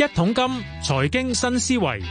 一桶金，財經新思維。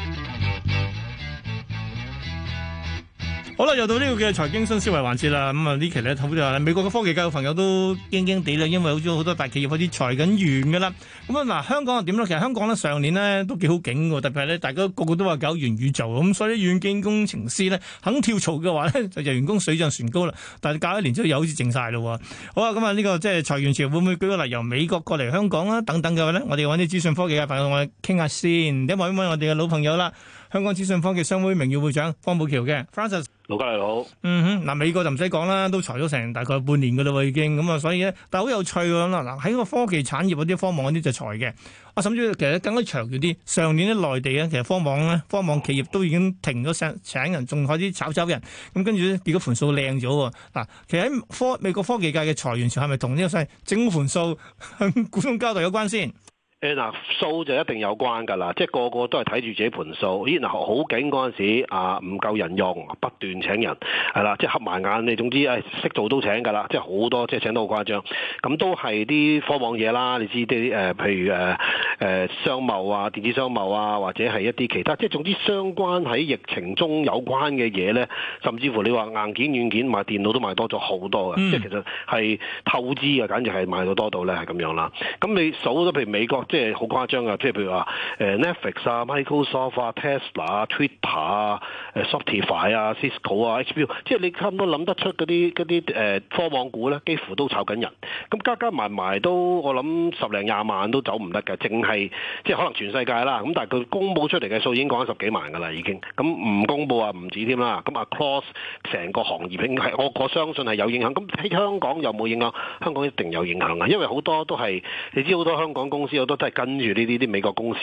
好啦，又到呢個嘅財經新思維環節啦。咁、嗯、啊，期呢期咧好似話，美國嘅科技界嘅朋友都驚驚地啦，因為好咗好多大企業開始裁緊員㗎啦。咁、嗯、啊，嗱，香港又點咧？其實香港咧上年咧都幾好景嘅，特別係大家個個都話搞元宇宙，咁所以軟件工程師咧肯跳槽嘅話咧就就員工水漲船高啦。但係隔一年之後又好似靜晒咯。好啦咁啊呢、嗯這個即係裁員潮會唔會舉個例由美國過嚟香港啦等等嘅話咧？我哋揾啲資訊科技界朋友同我哋傾下先。而家問一問我哋嘅老朋友啦。香港資訊科技商會名譽會長方保僑嘅 Francis，老家你好。嗯哼，嗱美國就唔使講啦，都裁咗成大概半年嘅啦喎已經，咁啊所以咧，但係好有趣咁啦，嗱喺個科技產業嗰啲科網嗰啲就裁嘅。我、啊、甚至其實更加長遠啲，上年啲內地啊，其實科網咧，科網企業都已經停咗請人，仲開啲炒走人。咁跟住咧，變咗盤數靚咗喎。嗱，其實喺科美國科技界嘅裁員潮是是，潮係咪同呢個勢整盤數向股東交代有關先？嗱， 數就一定有關㗎啦，即係個個都係睇住自己盤數。咦嗱，好景嗰陣時啊，唔夠人用，不斷請人係啦，即係合埋眼。你總之誒識、哎、做都請㗎啦，即係好多，即係請得好誇張。咁都係啲科網嘢啦，你知啲誒、呃，譬如誒誒、呃、商貿啊，電子商貿啊，或者係一啲其他，即係總之相關喺疫情中有關嘅嘢咧，甚至乎你話硬件、軟件買電腦都買多咗好多嘅，嗯、即係其實係透支啊，簡直係買到多到咧係咁樣啦。咁你數到譬如美國即係好誇張啊，即係譬如話，誒 Netflix 啊、Microsoft 啊、Tesla 啊、Twitter 啊、誒 Spotify 啊、Cisco 啊、HBO 即係你差唔多諗得出嗰啲啲科網股咧，幾乎都炒緊人。咁加加埋埋都，我諗十零廿萬都走唔得嘅。淨係即係可能全世界啦，咁但係佢公佈出嚟嘅數已經講咗十幾萬噶啦，已經。咁唔公佈啊，唔止添啦。咁啊，Cross 成個行業應係我，我相信係有影響。咁喺香港有冇影響？香港一定有影響啊，因為好多都係你知好多香港公司好多。都係跟住呢啲啲美國公司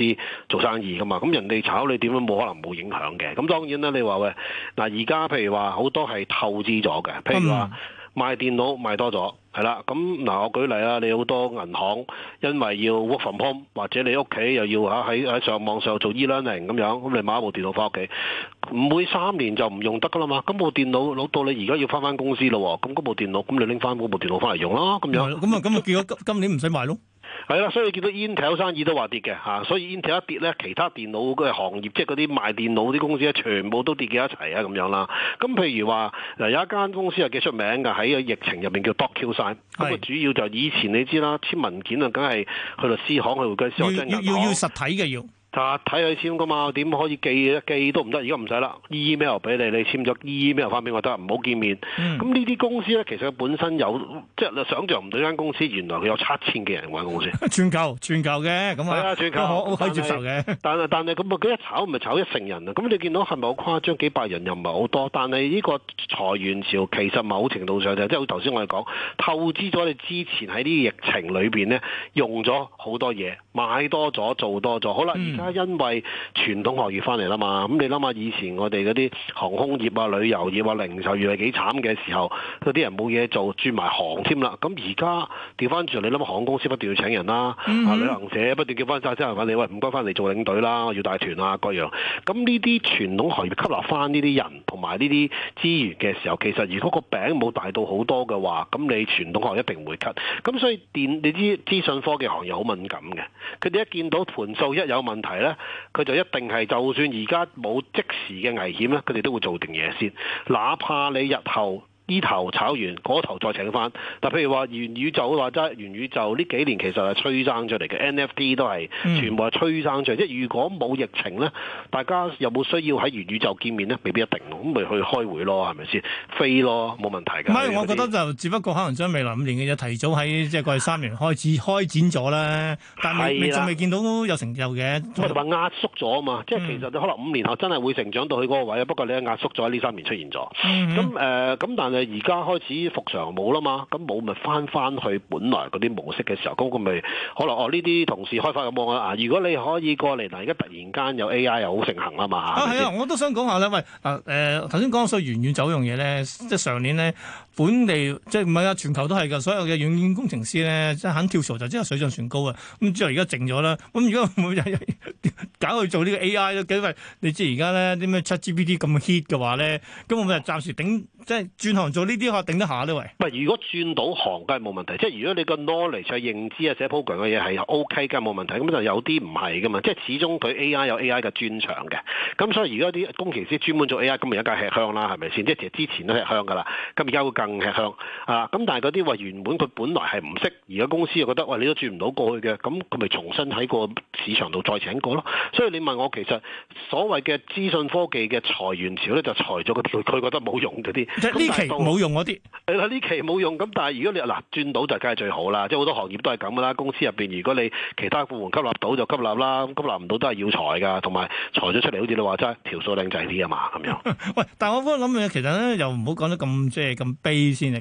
做生意噶嘛，咁人哋炒你，點樣冇可能冇影響嘅。咁當然啦，你話喂，嗱，而家譬如話好多係透支咗嘅，譬如話賣電腦賣多咗，係啦。咁嗱，我舉例啦，你好多銀行因為要 work from home，或者你屋企又要喺喺上網上做 e-learning 咁樣，咁你買一部電腦翻屋企，唔會三年就唔用得噶啦嘛。咁部電腦攞到你而家要翻翻公司咯喎，咁嗰部電腦咁你拎翻嗰部電腦翻嚟用啦，咁樣。咁啊，咁啊，結果今年唔使買咯。係啦，所以見到 Intel 生意都話跌嘅，所以 Intel 一跌咧，其他電腦個行業，即係嗰啲賣電腦啲公司咧，全部都跌嘅一齊啊咁樣啦。咁譬如話，嗱有一間公司係幾出名㗎，喺個疫情入面叫 DocuSign，咁啊主要就以前你知啦，簽文件啊，梗係去到律師行去跟銷量要要要實體嘅要。睇佢簽噶嘛，點可以寄咧？寄都唔得。而家唔使啦，email 俾你，你簽咗 email 翻俾我得，唔好見面。咁呢啲公司咧，其實本身有即係想象唔到間公司原來佢有七千幾人搵公司。轉夠轉夠嘅咁啊，都可可以接受嘅。但係但係咁啊，佢一炒咪炒一成人啊！咁你見到係咪好誇張？幾百人又唔係好多，但係呢個裁員潮其實某程度上就是、即係頭先我哋講，透支咗你之前喺呢疫情裏邊咧，用咗好多嘢。買多咗，做多咗，好啦，而家、嗯、因為傳統行業翻嚟啦嘛，咁你諗下以前我哋嗰啲航空業啊、旅遊業啊、零售業係幾慘嘅時候，嗰啲人冇嘢做，轉埋行添啦。咁而家調翻轉，你諗下航空公司不斷要請人啦，嗯嗯旅行社不斷叫翻晒，之後返嚟，喂唔該，翻嚟做領隊啦，我要帶團啊各樣。咁呢啲傳統行業吸納翻呢啲人同埋呢啲資源嘅時候，其實如果個餅冇大到好多嘅話，咁你傳統行業一定唔會吸。咁所以你知資訊科技行業好敏感嘅。佢哋一見到盤數一有問題，呢佢就一定係，就算而家冇即時嘅危險，呢佢哋都會做定嘢先，哪怕你日後。呢頭炒完，嗰頭再請翻。但譬如話元宇宙嘅話，元宇宙呢幾年其實係催生出嚟嘅，NFT 都係全部係催生出嚟。嗯、即係如果冇疫情呢，大家有冇需要喺元宇宙見面呢？未必一定咯，咁咪去開會咯，係咪先？飛咯，冇問題㗎。唔係，係我覺得就只不過可能將未來五年嘅嘢提早喺即係過去三年開始開展咗啦，但係未見到有成就嘅。我哋話壓縮咗啊嘛，嗯、即係其實可能五年後真係會成長到去嗰個位啊。不過你壓縮咗喺呢三年出現咗。咁咁、嗯呃、但而家開始復常冇啦嘛，咁冇咪翻翻去本來嗰啲模式嘅時候，咁佢咪可能哦呢啲同事開發咁夢啦啊！如果你可以過嚟，但而家突然間有 AI 又好盛行啊嘛啊啊！我都想講下咧，喂啊誒頭先講咗所以遠遠走樣嘢咧，即係上年呢，本地即係唔係啊？全球都係嘅，所有嘅軟件工程師咧，即係肯跳槽就真係水漲船高啊！咁、嗯、之後而家靜咗啦，咁如果唔會搞去做呢個 AI 咯，因為你知而家呢啲咩七 GPT 咁 hit 嘅話咧，咁我咪暫時頂即係做呢啲可頂得下呢位？如果轉到行梗係冇問題，即係如果你個 knowledge 去認知啊、寫 program 嘅嘢係 OK，梗係冇問題。咁就有啲唔係嘅嘛，即係始終佢 AI 有 AI 嘅專長嘅。咁所以如果啲工程師專門做 AI，咁咪一梗係吃香啦，係咪先？即係其實之前都吃香噶啦，咁而家會更吃香啊！咁但係嗰啲話原本佢本來係唔識，而家公司又覺得喂，你都轉唔到過去嘅，咁佢咪重新喺個市場度再請過咯。所以你問我其實所謂嘅資訊科技嘅裁員潮咧，就裁咗啲佢覺得冇用嗰啲。即係呢期。冇用嗰啲，係啦呢期冇用，咁但係如果你嗱轉到就梗係最好啦，即係好多行業都係咁噶啦。公司入面，如果你其他部門吸納到就吸納啦，吸納唔到都係要裁噶，同埋裁咗出嚟，好似你話齋條數靚仔啲啊嘛，咁樣。 喂，但我覺得諗嘅其實咧，又唔好講得咁即係咁悲先嘅。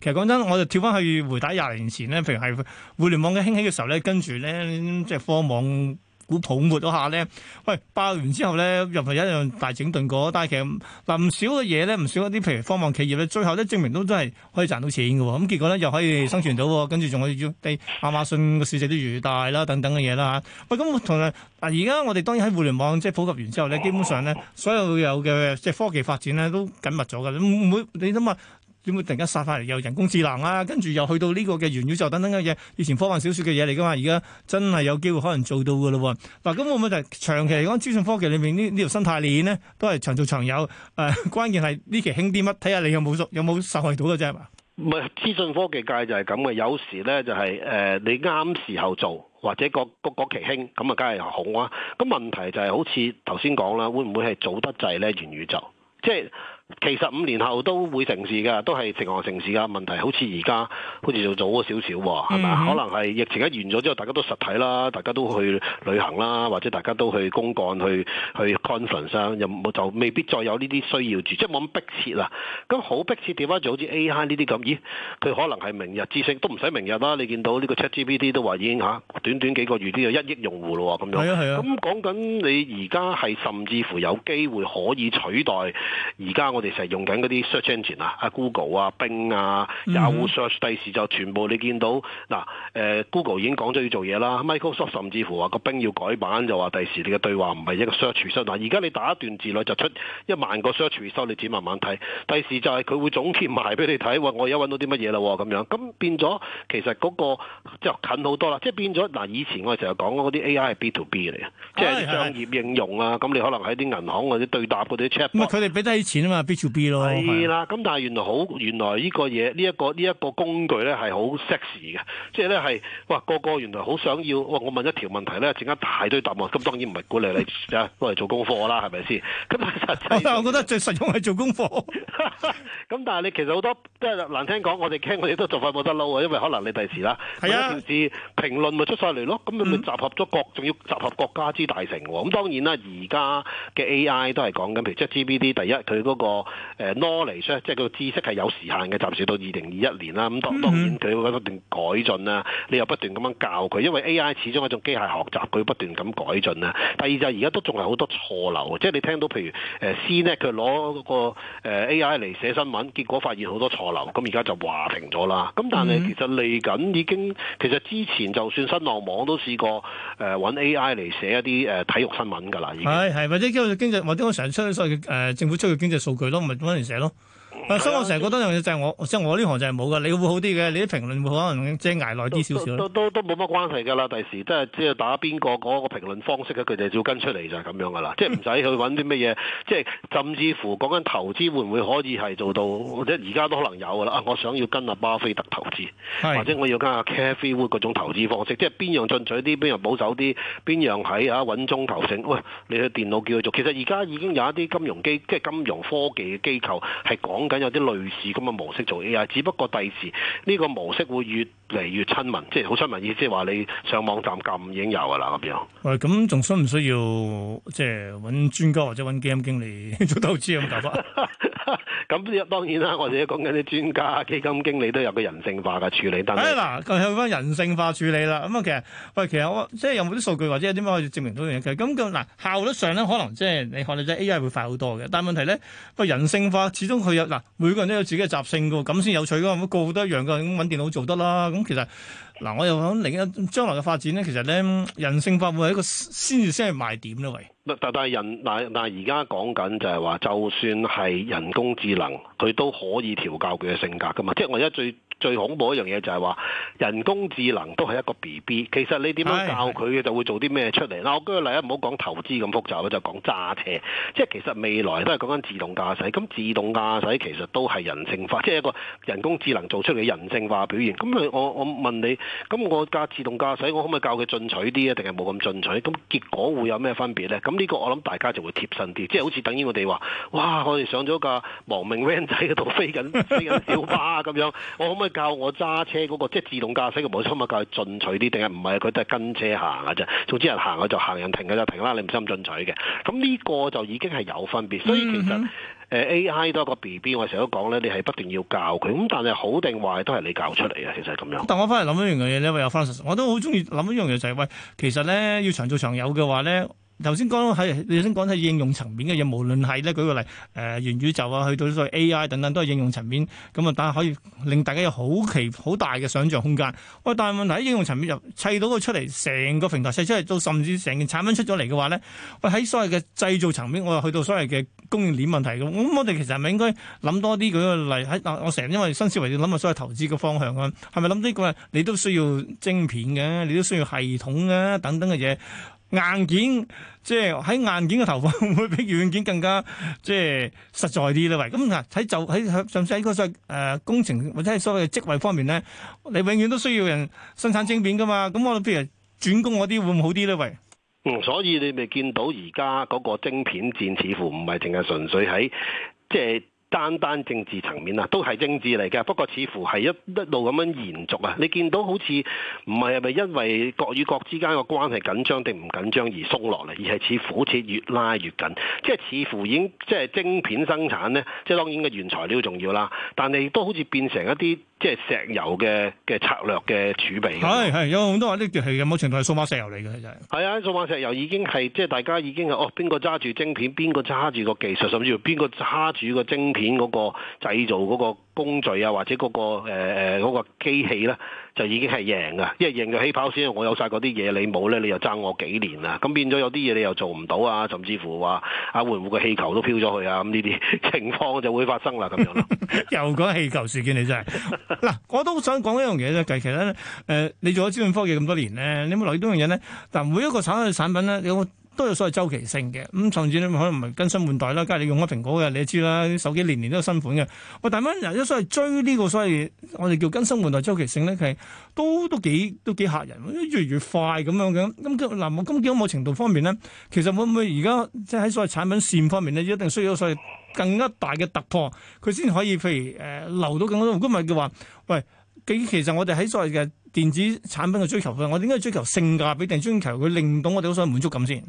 其實講真，我就跳翻去回帶廿年前咧，譬如係互聯網嘅興起嘅時候咧，跟住咧即係科網股泡沫嗰下咧，喂，爆完之後咧，又係一樣大整頓過。但係其實嗱唔少嘅嘢咧，唔少一啲譬如科網企業咧，最後咧證明到都真係可以賺到錢嘅。咁結果咧又可以生存到，跟住仲可以要地亞馬遜嘅市值都越大啦，等等嘅嘢啦嚇。喂，咁同埋嗱，而家我哋當然喺互聯網即係普及完之後咧，基本上咧所有有嘅即係科技發展咧都緊密咗嘅。唔會你諗啊？點會突然間殺翻嚟又人工智能啊？跟住又去到呢個嘅元宇宙等等嘅嘢，以前科幻小說嘅嘢嚟噶嘛？而家真係有機會可能做到噶喇。嗱，咁我會唔會就長期嚟講，資訊科技裏面條裏呢呢條生態鏈咧，都係長做長有。誒、嗯，關鍵係呢期興啲乜，睇下你有冇有冇受惠到嘅啫。唔係資訊科技界就係咁嘅，有時咧就係、是、誒、呃，你啱時候做或者各各，各期興，咁啊梗係好啊。咁問題就係、是、好似頭先講啦，會唔會係早得滯咧元宇宙？即、就、係、是。其實五年後都會成事㗎，都係情何成事㗎問題。好似而家好似就早咗少少喎，係咪？嗯、可能係疫情一完咗之後，大家都實體啦，大家都去旅行啦，或者大家都去公幹，去去 conference，又冇就未必再有呢啲需要住，即係冇咁迫切啦。咁好迫切點解？就好似 AI 呢啲咁，咦？佢可能係明日之星，都唔使明日啦。你見到呢個 ChatGPT 都話已經吓短短幾個月都有一億用戶咯喎，咁樣子。係啊係啊。咁講緊你而家係甚至乎有機會可以取代而家我哋成日用緊嗰啲 search engine 啊，阿 Google 啊、冰啊、Yahoo search，第時就全部你見到嗱，誒、嗯嗯嗯、Google 已經講咗要做嘢啦，Microsoft 甚至乎話個冰要改版，就話第時你嘅對話唔係一個 search result，而家你打一段字內就出一萬個 search result，你自己慢慢睇。第時就係佢會總結埋俾你睇，喂，我而家揾到啲乜嘢啦咁樣，咁變咗其實嗰、那個就近好多啦，即係變咗嗱。以前我哋成日講嗰啲 AI 係 B to B 嚟嘅，哎、即係商業應用啊，咁你可能喺啲銀行或、啊、者對答嗰啲 check。佢哋俾得起錢啊嘛～B2B 咯，係啦。咁但係原來好，原來呢個嘢，呢、呢、一個呢一、呢個工具咧係好 sexy 嘅，即係咧係哇個個原來好想要哇！我問一條問題咧，陣間大堆答案。咁當然唔係鼓勵你啊，攞嚟 做功課啦，係咪先？咁但係實際，我覺得最實用係做功課。咁 但係你其實好多即係難聽講，我哋傾我哋都做翻冇得撈啊，因為可能你第時啦，的一條字評論咪出晒嚟咯。咁你咪集合咗國，仲要集合國家之大成。咁當然啦，而家嘅 AI 都係講緊，譬如即係 GPT 第一佢嗰、嗰個。個即係個知識係有時限嘅，暫時到二零二一年啦。咁當當然佢會不斷改進啦。你又不斷咁樣教佢，因為 AI 始終係一種機械學習，佢不斷咁改進啦。第二就係而家都仲係好多錯漏，即係你聽到譬如誒 CNET，佢攞嗰個 AI 嚟寫新聞，結果發現好多錯漏。咁而家就話停咗啦。咁但係其實嚟緊已經，其實之前就算新浪網都試過誒搵 AI 嚟寫一啲誒體育新聞㗎啦。已經係或者經濟或者我成日出誒政府出嘅經濟數。佢咯，咪温你寫咯。嗯、所以我成日覺得一樣嘢就係我，即係我呢行就係冇㗎。你會唔會好啲嘅，你啲評論會可能即係捱耐啲少少都都都冇乜關係㗎啦。第時即係即係打邊個嗰個評論方式佢哋就要跟出嚟就係咁樣㗎啦。即係唔使去揾啲乜嘢， 即係甚至乎講緊投資會唔會可以係做到，或者而家都可能有㗎啦、啊。我想要跟阿巴菲特投資，是或者我要跟阿 Cathie Wood 嗰種投資方式，即係邊樣進取啲，邊樣保守啲，邊樣喺啊穩中求勝。喂、哎，你去電腦叫佢做。其實而家已經有一啲金融機，即係金融科技嘅機構係講緊。有啲類似咁嘅模式做嘢，只不過第二時呢個模式會越嚟越親民，即係好親民意思係話你上網站撳已經有噶啦咁樣。喂，咁仲需唔需要即係揾專家或者揾基金經理做投資咁打法？咁當然啦，我哋講緊啲專家、基金經理都有個人性化嘅處理得。哎嗱，佢有翻人性化處理啦。咁啊，其實喂，其實我即係有冇啲數據或者點樣可以證明到呢、這個、樣嘢？咁咁嗱效率上咧，可能即係、就是、你學你即 AI 會快好多嘅。但係問題咧，喂，人性化始終佢有嗱，每個人都有自己嘅習性噶，咁先有趣噶。咁個個都一樣噶，咁搵電腦做得啦。咁其實。嗱，我又講另一將來嘅發展咧，其實咧人性化會係一個先至先係賣點咯，喂！但但係人嗱，嗱而家講緊就係話，就算係人工智能，佢都可以調教佢嘅性格㗎嘛，即係我而家最。最恐怖一樣嘢就係話人工智能都係一個 BB，其實你點樣教佢就會做啲咩出嚟是我舉個例，唔好講投資咁複雜，就講揸車，即係其實未來都係講緊自動駕駛。咁自動駕駛其實都係人性化，即係一個人工智能做出嘅人性化表現。咁我我問你，咁我架自動駕駛，我可唔可以教佢進取啲啊？定係冇咁進取？咁結果會有咩分別呢？咁呢個我諗大家就會貼身啲，即係好似等於我哋話，哇！我哋上咗架亡命 van 仔嗰度飛緊飛緊小巴咁樣，我可唔可以？教我揸車嗰個即係自動駕駛嘅模式，咪教佢進取啲，定係唔係佢都係跟車行啊？啫，總之人行佢就行，人停佢就停啦。你唔使咁進取嘅。咁呢個就已經係有分別。所以其實誒 A I 都係一個 B B，我成日都講咧，你係不斷要教佢。咁但係好定壞都係你教出嚟嘅。其實係咁樣。但我翻嚟諗一樣嘢咧，喂，又翻實實，我都好中意諗一樣嘢就係喂，其實咧要長做長有嘅話咧。頭先講喺，你先講喺應用層面嘅嘢，無論係咧，舉個例，誒、呃，元宇宙啊，去到所謂 A.I. 等等，都係應用層面，咁啊，但係可以令大家有好奇、好大嘅想像空間。喂、哎，但係問題喺應用層面就砌到佢出嚟，成個平台砌出嚟，到甚至成件產品出咗嚟嘅話咧，喂、哎，喺所謂嘅製造層面，我又去到所謂嘅供應鏈問題嘅。咁我哋其實係咪應該諗多啲舉個例？喺我成日因為新思維要諗下所謂投資嘅方向啊，係咪諗呢個？你都需要晶片嘅，你都需要系統啊，等等嘅嘢。硬件即係喺硬件嘅投放會比軟件更加即係實在啲啦，喂！咁嗱喺就喺甚至喺嗰個誒工程或者係所謂嘅職位方面咧，你永遠都需要人生產晶片㗎嘛，咁我哋譬如轉工嗰啲會唔好啲咧，喂？嗯，所以你咪見到而家嗰個晶片戰似乎唔係淨係純粹喺即係。單單政治層面啊，都係政治嚟嘅，不過似乎係一一路咁樣延續啊。你見到好似唔係係咪因為國與國之間嘅關係緊張定唔緊張而鬆落嚟，而係似乎好似越拉越緊，即係似乎已經即係晶片生產呢，即係當然嘅原材料重要啦，但係亦都好似變成一啲。即係石油嘅嘅策略嘅儲備，係係有好多話呢段係嘅，某程度係數碼石油嚟嘅就係。啊，數碼石油已經係即係大家已經係，哦邊個揸住晶片，邊個揸住個技術，甚至乎邊個揸住個晶片嗰個製造嗰個工序啊，或者嗰個誒誒嗰個機器啦。就已經係贏因為一贏嘅起跑線，我有晒嗰啲嘢，你冇咧，你又爭我幾年啦。咁變咗有啲嘢你又做唔到啊，甚至乎話啊，會唔會個氣球都飄咗去啊，咁呢啲情況就會發生啦，咁樣咯。 又講氣球事件，你真係嗱， 我都想講一樣嘢咧，其實咧，誒，你做咗資訊科技咁多年咧，你有冇留意到一樣嘢咧？嗱，每一個產產品咧，你有冇？都有所謂周期性嘅，咁上次咧可能唔係更新換代啦，梗係你用開蘋果嘅，你都知啦，手機年年都有新款嘅。喂，大媽，由一所謂追呢個所謂我哋叫更新換代周期性咧，係都都幾都幾嚇人，越嚟越快咁樣嘅。咁嗱，我今幾咁嘅程度方面咧，其實會唔會而家即係喺所謂產品線方面咧，一定需要有所謂更加大嘅突破，佢先可以譬如誒、呃、留到更多。如果唔係嘅話，喂，其實我哋喺所謂嘅。電子產品嘅追求，佢，我點解，追求性價比定追求佢令到我哋好想滿足感先？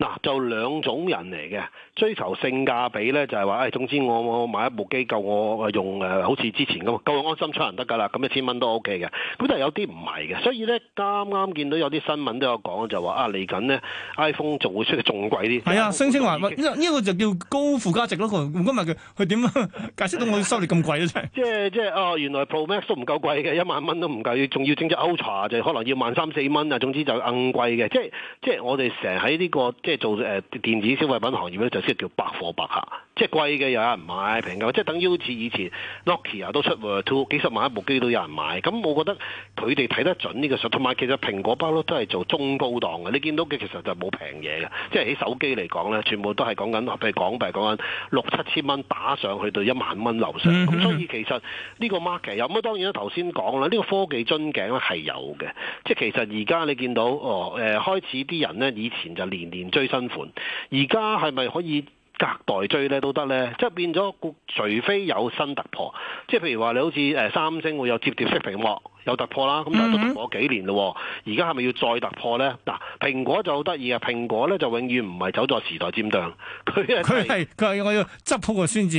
嗱、啊，就兩種人嚟嘅，追求性價比咧，就係、是、話，誒、哎，總之我我買一部機夠我用，呃、好似之前咁，夠安心出行得㗎啦，咁一千蚊都 O K 嘅。咁但係有啲唔係嘅，所以咧啱啱見到有啲新聞都有講，就話啊嚟緊咧 iPhone 仲會出嚟仲貴啲。係啊，聲稱話，呢個就叫高附加值咯，佢，唔該佢，佢點解釋到我收你咁貴啊？即係即係，啊、哦、原來 Pro Max 都唔夠貴嘅，一萬蚊都唔夠，仲要整隻 Ultra 就可能要萬三四蚊啊，總之就硬貴嘅，即係即係我哋成日喺呢個。即係做誒電子消費品行業咧，就先叫百貨、百 客。即係貴嘅又有人買，平嘅即係等於好似以前 Nokia 都出 World Two，幾十萬一部機都有人買。咁我覺得佢哋睇得準呢個數，同埋其實蘋果包都係做中高檔嘅。你見到嘅其實就冇平嘢嘅，即係喺手機嚟講呢，全部都係講緊譬如港幣講緊六七千蚊打上去到一萬蚊樓上。咁、mm hmm. 所以其實呢個 market 有乜當當然啦頭先講啦，呢、呢個科技樽頸係有嘅。即係其實而家你見到哦開、呃、開始啲人呢，以前就年年追新款，而家係咪可以？隔代追咧都得咧，即係變咗，除非有新突破，即係譬如話你好似誒三星會有折疊式屏幕。有突破啦，咁但係都突破咗幾年咯喎，而家係咪要再突破咧？嗱，蘋果就好得意啊，蘋果咧就永遠唔係走在時代尖端，佢係佢係佢係我要執好個先至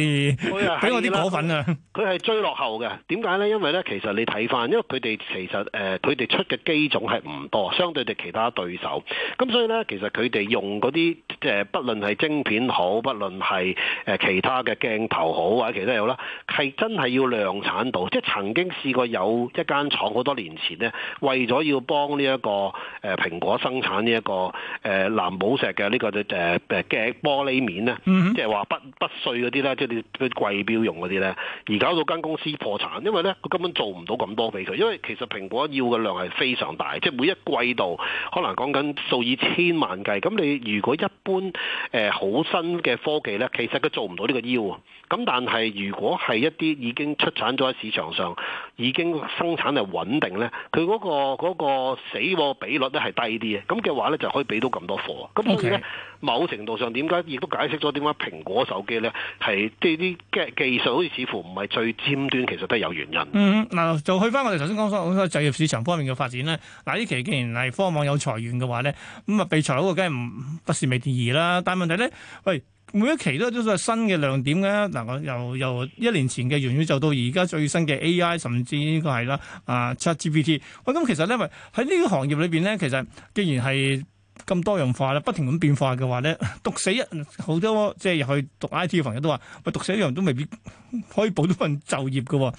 俾我啲果粉啊，佢係追落後嘅。點解咧？因為咧，其實你睇翻，因為佢哋其實誒，佢哋出嘅機種係唔多，相對哋其他對手。咁所以咧，其實佢哋用嗰啲即係，不論係晶片好，不論係誒其他嘅鏡頭好或者其他有啦，係真係要量產到，即係曾經試過有一間。廠好多年前呢，為咗要幫呢一個誒蘋果生產呢一個誒藍寶石嘅呢個誒誒嘅玻璃面呢、mm hmm.，即係話不不碎嗰啲咧，即係你貴表用嗰啲呢。而搞到間公司破產，因為呢，佢根本做唔到咁多俾佢，因為其實蘋果要嘅量係非常大，即係每一季度可能講緊數以千萬計。咁你如果一般誒好新嘅科技呢，其實佢做唔到呢個腰啊。咁但係如果係一啲已經出產咗喺市場上，已經生產。穩定咧，佢嗰、嗰個嗰、嗰個死個比率咧係低啲嘅，咁嘅話咧就可以俾到咁多貨。咁好似咧，Okay. 某程度上點解亦都解釋咗點解蘋果手機咧係啲啲技技術好似似乎唔係最尖端，其實都係有原因。嗯，嗱，就去翻我哋頭先講咗好多製造業市場方面嘅發展咧。嗱，呢期既然係科網有裁員嘅話咧，咁啊被裁嗰個梗係唔不是未電疑啦。但係問題咧，喂。每一期都都係新嘅亮點嘅，嗱，我由由一年前嘅元宇宙到而家最新嘅 AI，甚至應該係啦，啊七 GPT。我 GP 咁、嗯、其實咧，咪喺呢個行業裏邊咧，其實既然係咁多元化咧，不停咁變化嘅話咧，讀死一好多即係入去讀 IT 嘅朋友都話，咪讀死一樣都未必可以保到份就業嘅，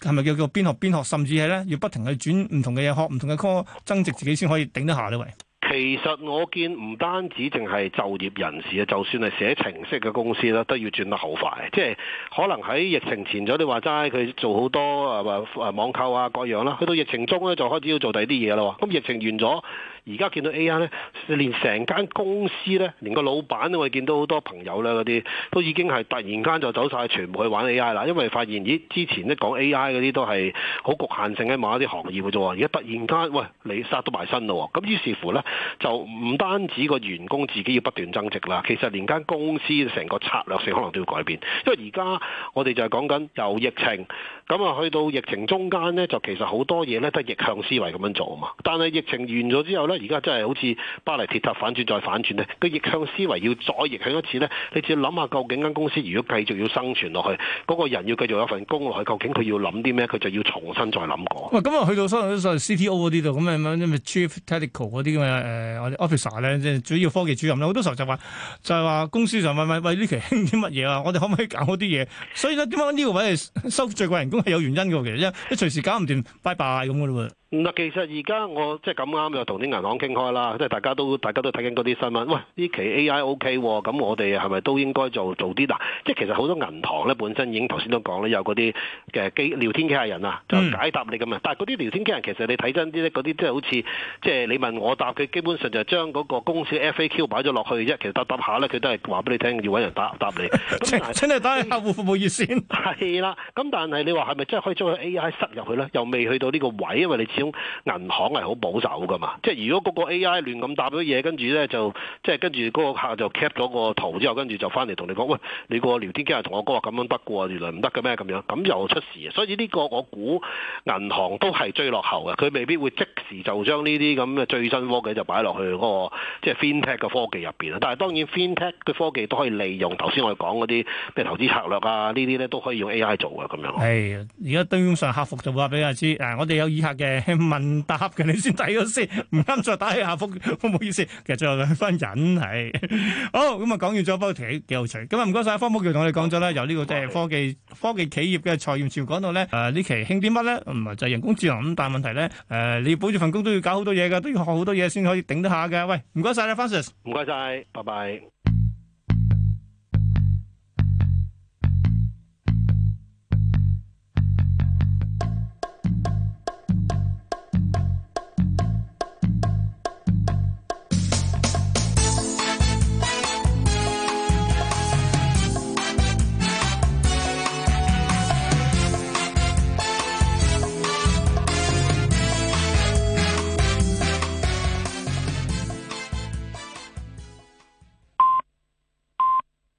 係咪叫叫邊學邊學，甚至係咧要不停去轉唔同嘅嘢，學唔同嘅科，增值自己先可以頂得下呢喂！其實我見唔單止淨係就業人士啊，就算係寫程式嘅公司啦，都要轉得好快。即係可能喺疫情前咗，你話齋佢做好多啊啊網購啊各樣啦，去到疫情中咧就開始要做第二啲嘢啦。咁疫情完咗，而家見到 A.I. 呢，連成間公司呢，連個老闆都會見到好多朋友啦嗰啲，都已經係突然間就走晒，全部去玩 A.I. 啦。因為發現咦之前呢，講 A.I. 嗰啲都係好局限性喺某一啲行業嘅啫喎，而家突然間喂你殺到埋身咯，咁於是乎呢。就唔單止個員工自己要不斷增值啦，其實連間公司成個策略性可能都要改變。因為而家我哋就係講緊有疫情。咁啊，去到疫情中間呢，就其實好多嘢呢都係逆向思維咁樣做啊嘛。但係疫情完咗之後呢，而家真係好似巴黎鐵塔反轉再反轉呢，個逆向思維要再逆向一次呢。你要諗下究竟間公司如果繼續要生存落去，嗰、嗰個人要繼續有份工落去，究竟佢要諗啲咩？佢就要重新再諗過。咁啊，去到所 C T O 嗰啲度，咁啊咁啊 Chief Technical 嗰啲咁啊誒我哋 Officer 呢，即係主要科技主任呢，好多時候就話就係、係、話公司就問問喂呢期興啲乜嘢啊？我哋可唔可以搞啲嘢？所以呢點解呢個位收最貴人工？都係有原因嘅其實，一一隨時搞唔掂，拜拜咁嘅嘞。嗱，其實而家我即係咁啱又同啲銀行傾開啦，即係大家都大家都睇緊嗰啲新聞。喂，呢期 A.I. OK，咁我哋係咪都應該做做啲嗱？即係其實好多銀行咧本身已經頭先都講咧，有嗰啲嘅機聊天機械人啊，就解答你咁啊。嗯、但係嗰啲聊天機械人其實你睇真啲咧，嗰啲即係好似即係你問我答，佢基本上就將嗰個公司 F.A.Q. 擺咗落去啫。其實答答下咧，佢都係話俾你聽，要揾人答答你但是，請。請你打下互服務熱線。係啦你，咁但係你話係咪真係可以將 A.I. 塞入去咧？又未去到呢個位置，因為你。種銀行係好保守噶嘛，即係如果嗰個 A.I. 亂咁搭咗嘢，跟住咧就即係跟住嗰個客就 cap 咗個圖之後，跟住就翻嚟同你講，喂，你個聊天機係同我講話咁樣得，過原來唔得嘅咩咁樣，咁又出事。所以呢個我估銀行都係追落後嘅，佢未必會即時就將呢啲咁嘅最新科技就擺落去嗰、嗰個即係、即係、FinTech 嘅科技入邊啊！但係當然 FinTech 嘅科技都可以利用頭先我哋講嗰啲咩投資策略啊，呢啲咧都可以用 A.I. 做嘅咁樣。係，而家登上客服就會話俾你知，誒，我哋有以下嘅。 問答嘅，你先睇咗先，唔啱再打起下福，福 唔好意思？其實最後兩分人係好，咁啊講完咗，不過幾幾有趣。咁啊唔該晒，方保僑同我哋講咗啦，由呢個即係科技科技企業嘅裁員潮講到咧，誒、呃、呢期興啲乜咧？唔、嗯、係就係、人工智能咁，但係問題咧，誒、呃、你保住份工都要搞好多嘢噶，都要學好多嘢先可以頂得下嘅。喂，唔該晒啦，Francis，唔該晒，拜拜。